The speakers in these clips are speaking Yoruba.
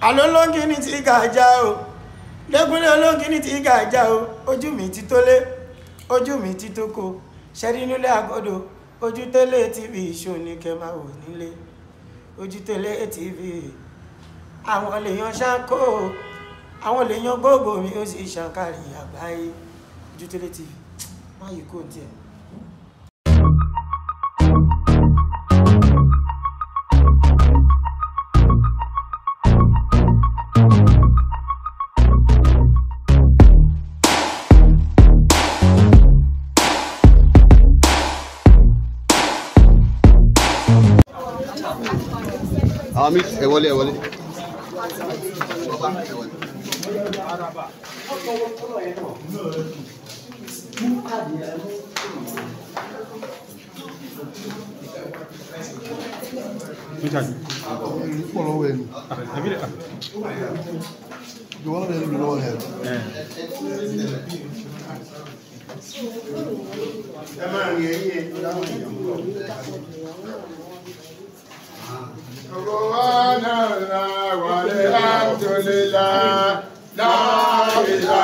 àlọ́ lóńgì ní ti gàjà o lẹ́gúnlé olóńgì ní ti gàjà o ojú mi ti tólé ojú mi ti tóko ṣẹ́rí nílé àgọ́dọ̀ ojú télé tv ìṣòní kẹ́ máa wò nílé ojú télé tv àwọn lèèyàn ṣáńkó àwọn lèèyàn gbogbo mi ó sì ṣàǹkàrí àgbáyé ojú télé tv má yìí kò tiẹ̀. àmì ẹ wọlé ẹ wọlé. Ẹ máa rìn ẹyẹ láwọn èèyàn. سبحان الله والحمد لله لا إله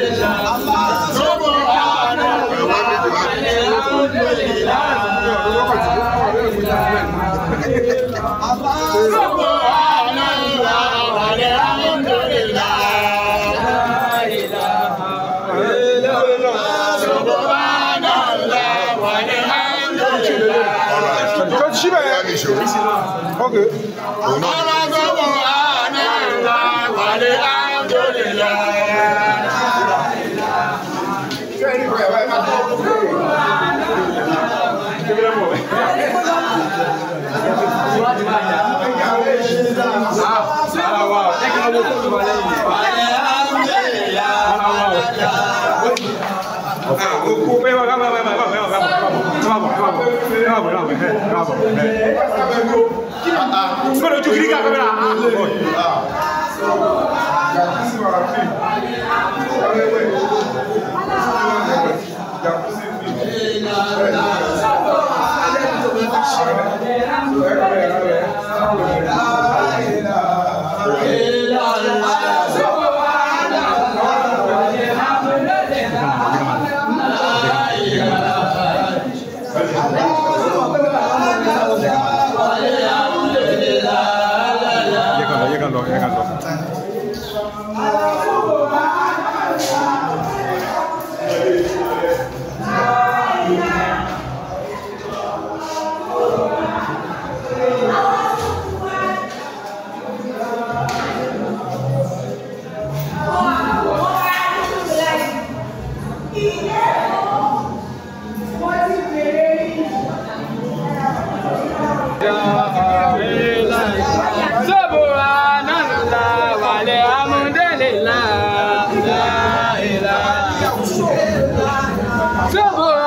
Subhanallah walhamdulillah. Alright. Okay. bom. Mano, é? é. eu te grito a câmera. Ah, ah, ah, ah. Double!